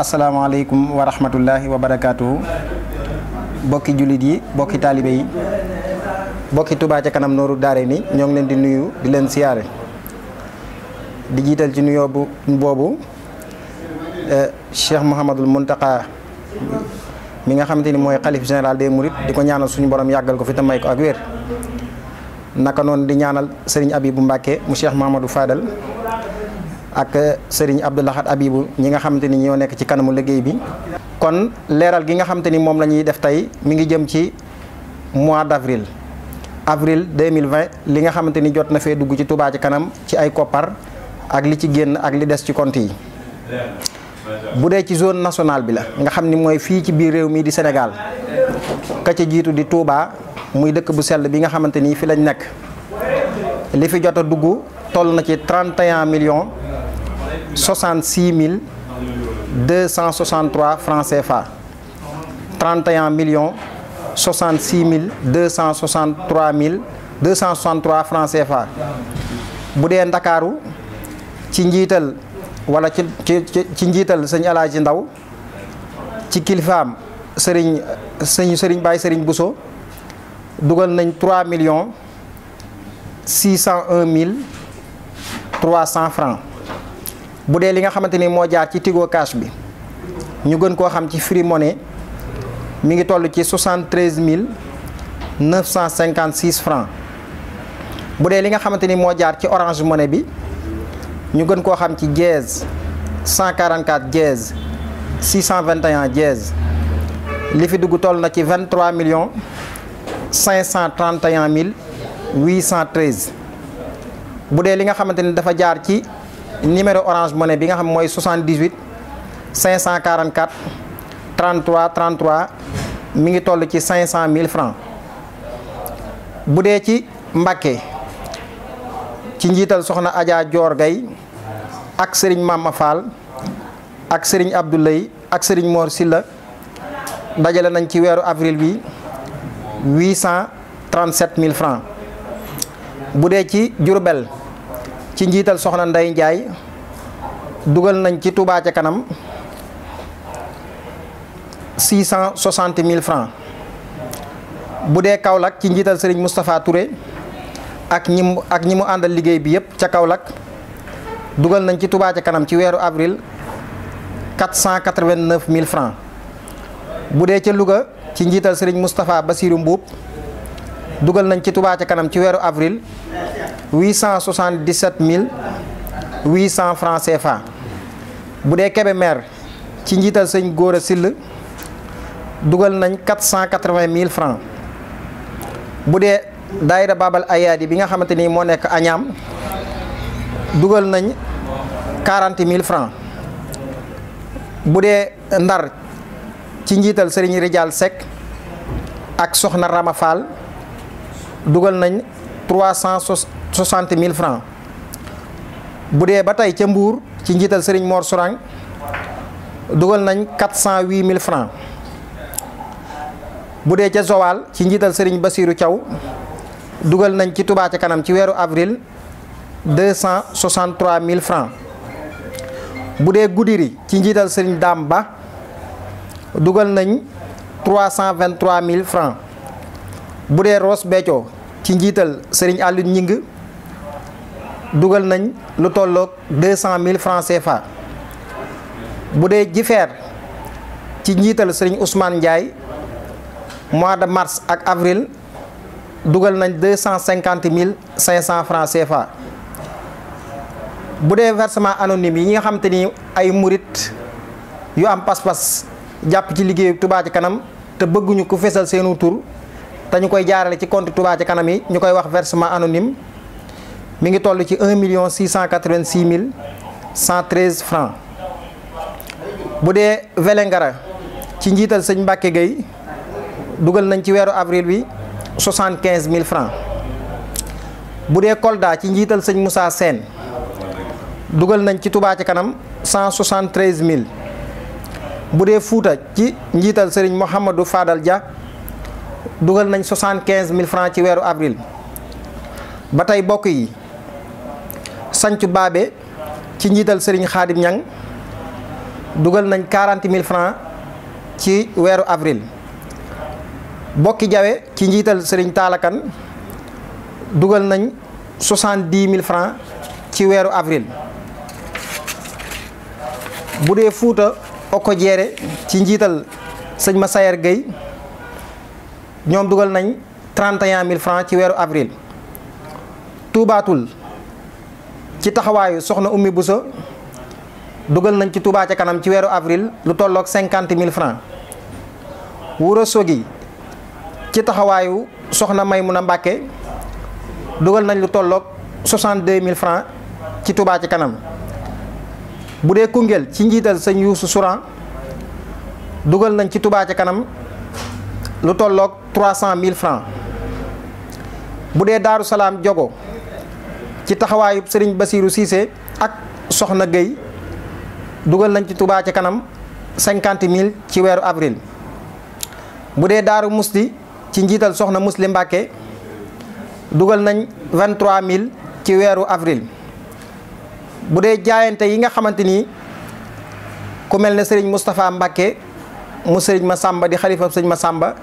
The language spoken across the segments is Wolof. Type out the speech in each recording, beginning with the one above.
asalaamaaleykum wa rahmatullahi wa bokki jullit yi bokki taalibe yi bokki Touba ca kanam nooru daare ni ñoo ngi leen di nuyu di leen siyaare di jiital ci nuyoo bu boobu eh, Cheikh Mouhamadul Mountakha mi nga xam xamante ni mooy xalif général des Mourides di ko ñaanal suñu borom yàggal ko fi te may ko ak wér naka noonu di ñaanal Serigne bu Mbacke mu Cheikh Mouhamadou Fadal ak sëriñ Abdou Lahad Abibu ñi nga xamante ni ñoo nekk ci kanamu liggéey bi. kon leeral gi nga xamante ni moom la ñuy def tey mi ngi jëm ci mois d' avril avril 2020 li nga xamante ni jot na fee dugg ci Touba ci kanam ci ay koppar ak li ci génn ak li des ci compte yi. bu dee ci zone nationale bi la nga xam ni mooy fii ci biir réew mii di Sénégal ka ca jiitu di Touba muy dëkk bu sell bi nga xamante ni fi lañ nekk li fi jot a dugg toll na ci 31 millions. 66 mille 263 francs CFA 31 millions 66 mille 263 mille 263 francs CFA bu dee ndakaaru ci njiital wala ci ci ci njiital sëñ Alaaji Ndaw ci kilifaam sëriñ sëñ sëriñ Baye sëriñ Bousso dugal nañ 3 millions 601 mille 300 francs bu dee li nga xamante ni moo jaar ci Tigo Cash bi ñu gën koo xam ci Free Money mi ngi toll ci 73 956 francs bu dee li nga xamante ni moo jaar ci Orange Money bi ñu gën koo xam ci dièse 144 dièse 621 dièse li fi dugg toll na ci 23 millions 531 mille 813 bu dee li nga xamante ni dafa jaar ci. numéro orange money bi nga xam mooy 78 544 33 33 mi ngi toll ci 500 000 francs bu dee ci Mbàkke ci njiital soxna Adja Dior Gaye ak sëriñ Mama Fall ak sëriñ Abdoulaye ak sëriñ Mor Silla dajale nañ ci weeru avril bi 837 000 francs bu dee ci Diourbel ci njiital soxna Ndey Njaay dugal nañ ci Touba ca kanam six cent soixante mille francs bu dee Kaolack ci njiital Serigne Moustapha Touré ak ñi mu ak ñi mu àndal liggéey bi yëpp ca Kaolack dugal nañ ci Touba ca kanam ci weeru avril quatre cent mille francs bu dee ca Louga ci njiital Serigne Moustapha Bassirou Mbuub dugal nañ ci Touba ca kanam ci weeru avril 877 800 francs CFA bu dee Kébémer ci njiital sëñ Góor a Sill dugal nañ 480 000 francs bu dee daayira Babal Ayaadi bi nga xamante ni moo nekk Añaam dugal nañ 40 000 francs bu dee Ndar ci njiital sëriñ Rijal Seck ak soxna Rama dugal nañ trois cent mille francs bu dee ba tey ca Mbour ci njiital Serigne Mor Sourang dugal nañ quatre cent huit mille bu dee ca Joal ci njiital Serigne Bassirou caw dugal nañ ci tubaa ca kanam ci weeru avril deux cent mille francs bu dee Goudiri ci njiital Serigne Dame Ba dugal nañ trois cent mille francs bu dee Ross Béthio ci njiital Serigne Alioune Ñing dugal nañ lu tolloog deux cent mille francs CFA bu dee Jifeer ci njiital Serigne Ousmane Ndiaye mois de mars ak avril dugal nañ deux cent cinquante mille cinq cent francs CFA bu dee versement anonyme yi nga xam ni ay murit yu am pas-pas jàpp ci liggéeyu Touba ci kanam te bëgguñu ku fesal seenu tur dañu koy jaarale ci compte Touba ci kanam yi ñu koy wax versement anonyme mi ngi toll ci 1 million 686 mille 113 francs bu dee Vélingara ci njiital sëñ Mbacke Gueye dugal nañ ci weeru avril bi 75 mille francs bu dee Kolda ci njiital sëñ Moussa Sène dugal nañ ci tubaa ci kanam 173 mille bu dee fuuta ci njiital sëriñ Mouhamadou faadal Dia. dugal nañ soixante quinze mille francs ci weeru avril ba tey bokk yi sancu baabe ci njiital Serigne Khadim Niang dugal nañ quarante mille francs ci weeru avril bokki jawe ci njiital Serigne Taalakan dugal nañ soixante dix mille francs ci weeru avril bu dee Fuuta Oko Jeere ci njiital sëñ ma Massayer Gueye ñoom dugal nañ 31 000 francs ci weeru avril tuubaatul ci taxawaayu soxna ummi Buso dugal nañ ci Touba ca kanam ci weeru avril lu tolloog 50 000 francs Wuro ci taxawaayu soxna mun a Mbàkke dugal nañ lu tolloog 62 000 francs ci Touba ca kanam bu dee Koungheul ci njiital sañ Yuusu Souran dugal nañ ci Touba ca kanam lu tollook trois cent mille francs bu dee Daaru Salaam jogo ci taxawaayu Serigne Bassirou Cissé ak Soxna Gueye dugal nañ ci tubaa ci kanam cinquante mille ci weeru avril bu dee Daaru Musti ci njiital Soxna Muslim Mbàkke dugal nañ vingt trois mille ci weeru avril bu dee jaayante yi nga xamante ni ku mel ne Serigne Moustapha Mbàkke mu ma Massamba di xalifa ma sàmba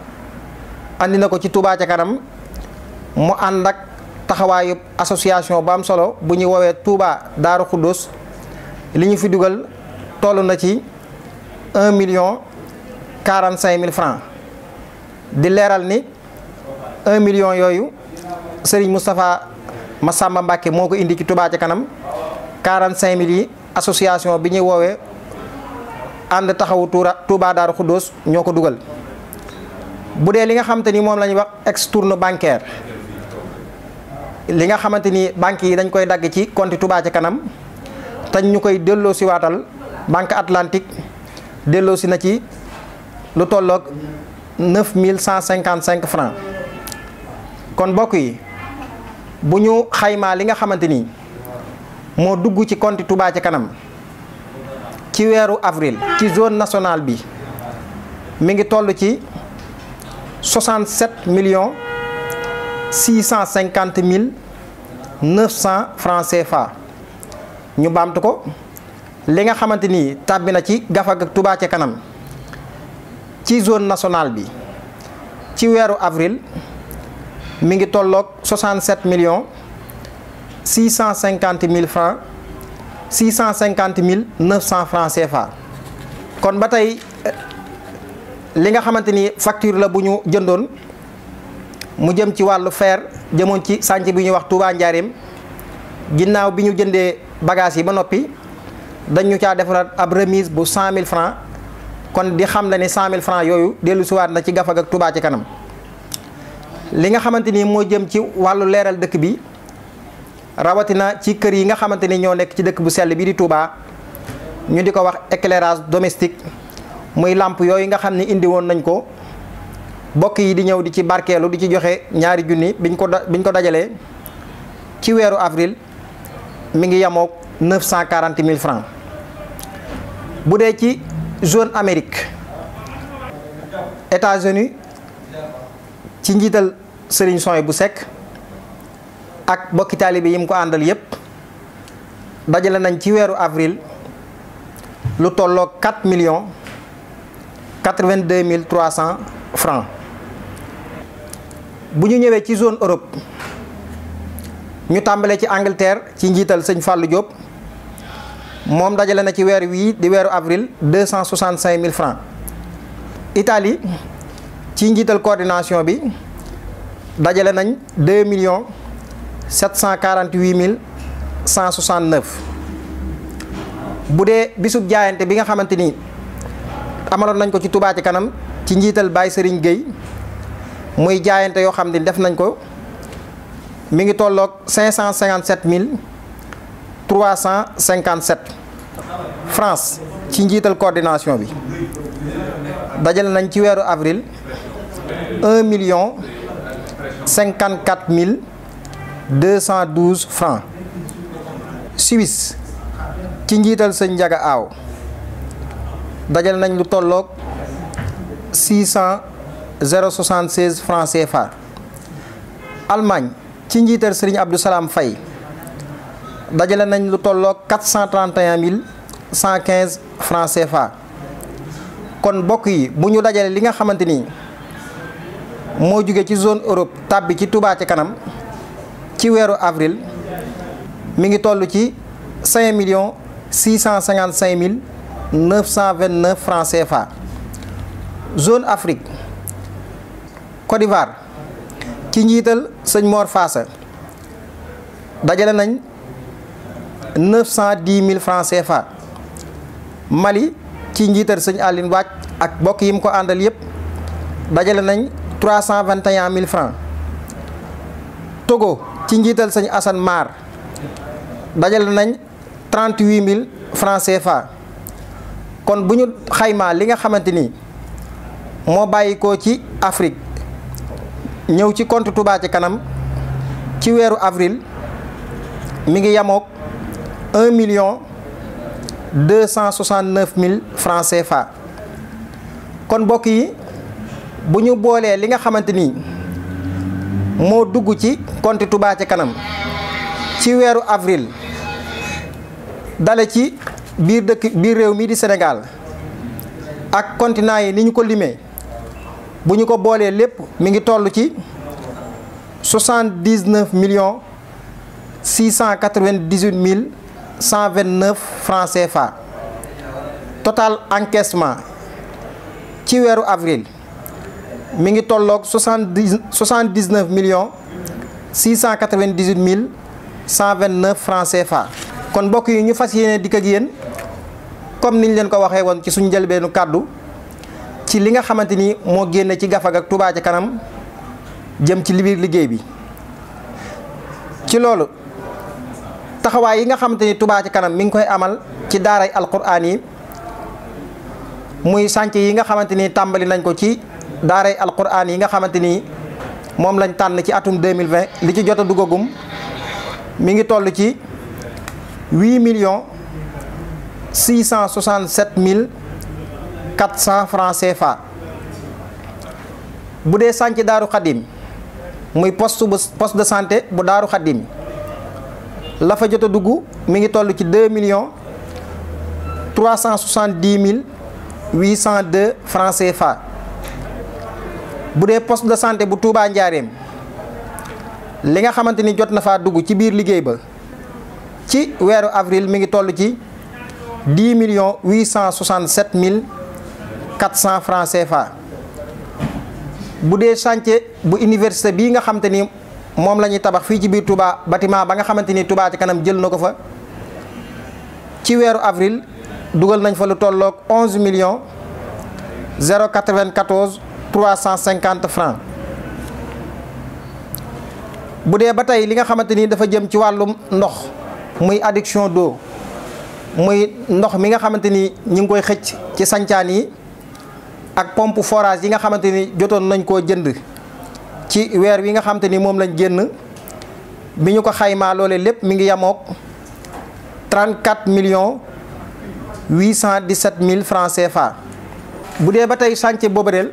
indi na ko ci Touba ca kanam mu ànd ak taxawaayu association bu am solo bu ñuy woowee Touba Daaru Xuddoos li ñu fi dugal tollu na ci un million quarante cinq mille francs di leeral ni un million yooyu Serigne ma Massamba Mbacke moo ko indi ci Touba ci kanam quarante cinq mille yi association bi ñuy woowee ànd taxawu Touba Daaru Xuddoos ñoo ko dugal. bu dee li nga xamante ni moom la ñuy wax extourne bancaire li nga xamante ni banques yi dañ koy dagg ci compte Touba ca kanam te ñu koy delloo si waatal banque atlantique delloo si na ci lu tollook neuf mille cent cinquante cinq francs kon mbokk yi bu ñu xaymaa li nga xamante ni moo dugg ci compte Touba ca kanam ci weeru avril ci zone nationale bi mi ngi toll ci. 67 millions 650 mille 900 francs CFA ñu baamtu ko li nga xamante ni tàbbi na ci gafag ak Touba kanam ci zone nationale bi ci weeru avril mu ngi tolloog 67 millions 650 mille francs 650 mille 900 francs CFA kon ba tey. li nga xamante ni facture la bu ñu jëndoon mu jëm ci wàllu fer jëmoon ci sànc bi ñuy wax Touba Njaareem ginnaaw bi ñu jëndee bagages yi ba noppi dañu caa defaraat ab remise bu 100000 francs kon di xam la ne 100000 francs yooyu dellu siwaat na ci gafag ak Touba ci kanam li nga xamante ni moo jëm ci wàllu leeral dëkk bi rawatina ci kër yi nga xamante ni ñoo nekk ci dëkk bu sell bi di Touba ñu di ko wax éclairage domestique muy làmp yooyu nga xam ne indi woon nañ ko bokk yi di ñëw di ci barkeelu di ci joxe ñaari junni biñ ko biñ ko dajalee ci weeru avril mi ngi yamook quarante 000 francs bu dee ci zone Amérique États-Unis ci njiital Serigne Soy bu sekk ak bokki taalibe yi mu ko àndal yépp dajale nañ ci weeru avril lu tollook 4 million quatre-vingt-deux mille trois cent francs bu ñu ñëwee ci zone Europe ñu tàmbalee ci Angleterre ci njiital sëñ Fallou Diop moom dajale na ci weer wii di weeru avril deux cent soixante mille francs Italie ci njiital coordination bi dajale nañ deux millions sept cent quarante-huit mille cent soixante-neuf bu dee bisub jaayante bi nga xamante ni. amaloon nañ ko ci tubaa ci kanam ci njiital Baye Serigne géey muy jaayante yoo xam ne def nañ ko mu ngi tolloog 557 357 francs ci njiital coordination bi dajale nañ ci weeru avril 1 million 54 mille 212 francs Suisse ci njiital sëñ Njaga Aaw dajale nañ lu tolloog six cent zéro soixante seize franc CFA ci njiital Serigne Abdou Salam Faye dajale nañ lu tolloog quatre cent trente mille cent quinze franc CFA kon bokk yi bu ñu dajale li nga xamante ni moo jóge ci zone Europe tàbbi ci Touba ci kanam ci weeru avril mi ngi toll ci million millions six cent cinquante cinq mille. 929 francs CFA zone Afrique Côte ci njiital sëñ Mor Faasa dajale nañ 910 000 francs CFA Mali ci njiital sëñ Aline Wàcc ak bokk yi mu ko àndal yépp dajale nañ 321 000 francs Togo ci njiital sëñ Assane Mar dajale nañ 38 000 francs kon bu ñu xaymaa li nga xamante ni moo bàyyi ko ci Afrique ñëw ci compte Touba ci kanam ci weeru avril mu ngi yamoog un million deux cent mille francs CFA kon mbokk yi bu ñu boolee li nga xamante ni moo dugg ci compte Touba ci kanam ci weeru avril dale ci. biir dëkk biir réew mii di Sénégal ak continent yi ni ñu ko limee bu ñu ko boolee lépp mi ngi toll ci soixante-dix-neuf millions six cent quatre-vingt-dix-huit mille cent vingt-neuf francs CFA total encaissement ci weeru avril mi ngi tolloog soixante-dix soixante-dix-neuf millions six cent quatre vingt dix mille cent vingt-neuf francs CFA kon mbokk yi ñu fas yeneen di ak yéen. comme ñu leen ko waxee woon ci suñ jëlbeenu kàddu ci li nga xamante ni moo génne ci gafag ak ci kanam jëm ci biir liggéey bi ci loolu taxawaay yi nga xamante ni Touba ci kanam mi ngi koy amal ci daaray alquraan yi muy sànc yi nga xamante ni tàmbali nañ ko ci daaray alquraan yi nga xamante ni moom lañ tànn ci atum mille 2020 li ci jot a dugagum mi ngi toll ci 8 millions 667 mille 400 francs fa bu dee sànc daaru xadim muy poste bu poste de santé bu daaru xadim lafa jot a dugg mi ngi toll ci 2 millions 370 mille 802 francs CFA bu dee poste de santé bu Touba Njaareem li nga xamante ni jot na faa dugg ci biir liggéey ba ci weeru avril mi ngi toll ci dix million huit cent soixante sept mille quatre cent francs CFA bu dee chantier bu université bii nga xamante ni moom la ñuy tabax fii ci biir tubaa bâtiment ba nga xamante ni tubaa ci kanam jël na ko fa ci weeru avril dugal nañ fa lu tolloog onze million zéro quatre vingt quatorze trois cent cinquante francs bu dee ba tey li nga xamante ni dafa jëm ci wàllum ndox muy adduction d'eau muy ndox mi nga xamante ni ñi ngi koy xëcc ci sancaan yi ak pompe forage yi nga xamante ni jotoon nañ koo jënd ci weer wi nga xamante ni moom lañ génn bi ñu ko xaymaa loole lépp mi ngi yamook 34 millions 817 mille francs CFA bu dee ba tey chantier Boberel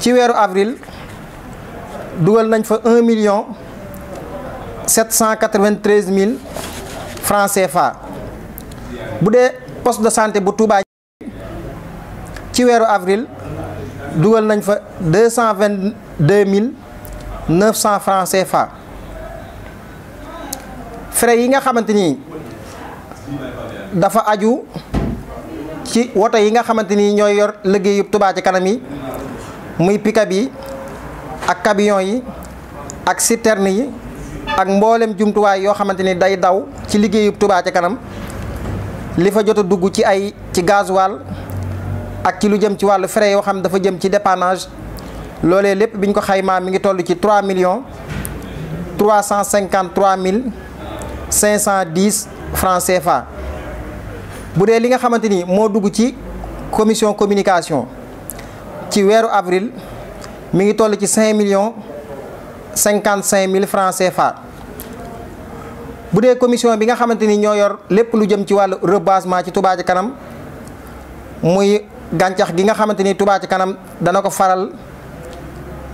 ci weeru avril dugal nañ fa 1 million 793 mille franc fa bu dee poste de santé bu Touba ci weeru avril dugal nañ fa deux cent vingt deux mille neuf cent franc CFA frais yi nga xamante ni dafa aju ci woto yi nga xamante ni ñooy yor liggéeyu Touba ci kanam yi muy pick yi ak camion yi ak citerne yi. ak mboolem jumtuwaay yoo xamante ni day daw ci liggéeyub Touba ca kanam li fa jot a dugg ci ay ci wàll ak ci lu jëm ci wàllu frais yoo xam dafa jëm ci dépannage loolee lépp biñ ko xaymaa mi ngi toll ci 3 millions 353 mille 510 francs CFA bu dee li nga xamante ni moo dugg ci commission communication ci weeru avril mi ngi toll ci 5 millions. cinquante cinq mille francs CFA bu dee commission bi nga xamante ni ñoo yor lépp lu jëm ci wàllu reboisement ci Touba ci kanam muy gàncax gi nga xamante ni Touba ci kanam dana ko faral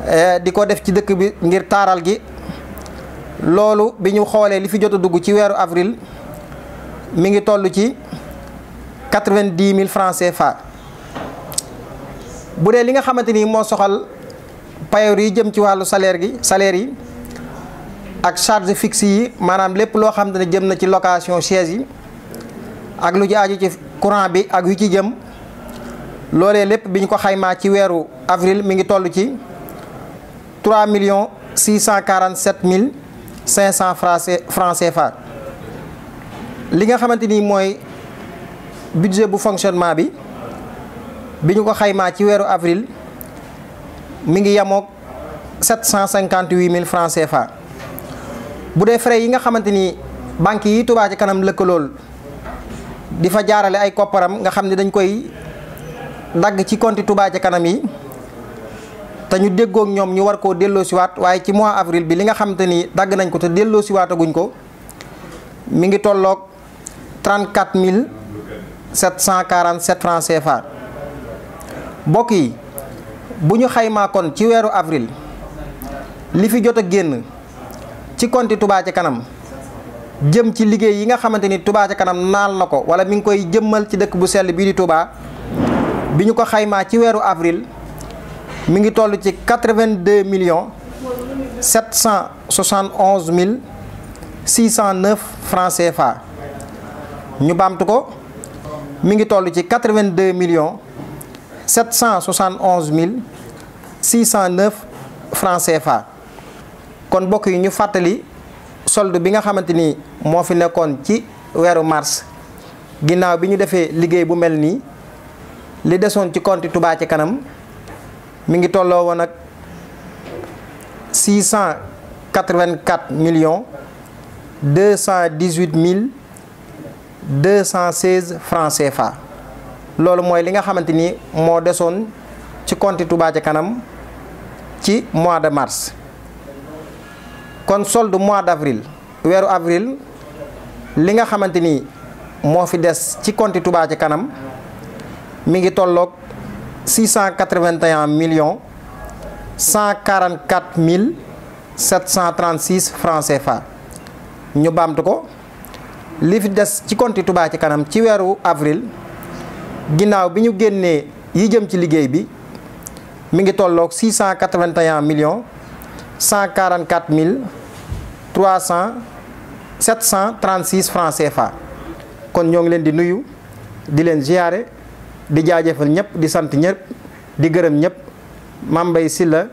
eh, di ko def ci dëkk bi ngir taaral gi loolu bi ñu xoolee li fi jot a dugg ci weeru avril mu ngi toll ci quatre-vingt-dix mille francs CFA bu dee li nga xamante moo soxal. payoor yi jëm ci wàllu salaire gi salaire yi ak charge fixe yi maanaam lépp loo xam ne jëm na ci location chaise yi ak lu ci aju ci courant bi ak yu ci jëm loolee lépp bi ñu ko xaymaa ci weeru avril mi ngi toll ci 3 millions 647 mille 500 francs français fa li nga xamante ni mooy budget bu fonctionnement bi bi ñu ko xaymaa ci weeru avril mi ngi yemoog sept cent cinquante huit mille francs CFA bu dee frais yi nga xamante ni banques yi Touba Ca Kanam lëkkalool di fa jaarale ay kopparam nga xam ne dañ koy dagg ci compte Touba Ca Kanam yi te ñu déggoog ñoom ñu war koo delloosiwaat waaye ci mois avril bi li nga xamante ni dagg nañ ko te delloosiwaataguñ ko mi ngi tollook trente quatre mille sept cent quarante sept francs mbokk yi. bu ñu xaymaa kon ci weeru avril li fi jot a génn ci konti tubaa ci kanam jëm ci liggéey yi nga xamante ni tubaa ci kanam naal na ko wala mi ngi koy jëmmal ci dëkk bu sell bii di Touba bi ñu ko xaymaa ci weeru avril mi ngi toll ci 82 millions 771 mille 609 francs CFA ñu baamtu ko mu ngi toll ci 82 millions. 771 609 francs CFA kon bokk yi ñu fàttali solde bi nga xamante ni moo fi nekkoon ci weeru mars ginnaaw bi ñu defee liggéey bu mel nii li desoon ci compte Touba ci kanam mi ngi tolloo woon ak million millions 218 mille 216 francs CFA. loolu mooy li nga xamante ni moo desoon ci compte Touba ca kanam ci mois de mars kon solde mois d' avril weeru avril li nga xamante ni moo fi des ci compte Touba ca kanam mi ngi tolloog 681 millions 144 mille 736 francs CFA ñu baamtu ko li fi des ci compte Touba ci kanam ci weeru avril. ginnaaw bi ñu génnee yi jëm ci liggéey bi mu ngi tolloog 681 millions 144 mille 300 736 francs CFA kon ñoo ngi leen di nuyu di leen ziyaare di jaajëfal ñëpp di sant ñëpp di gërëm ñëpp Mame si la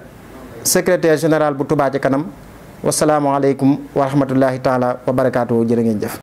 secrétaire général bu tubaa ca kanam wasalaamualeykum wa rahmatullahi taala wa barakaatu jërë ngeen jëf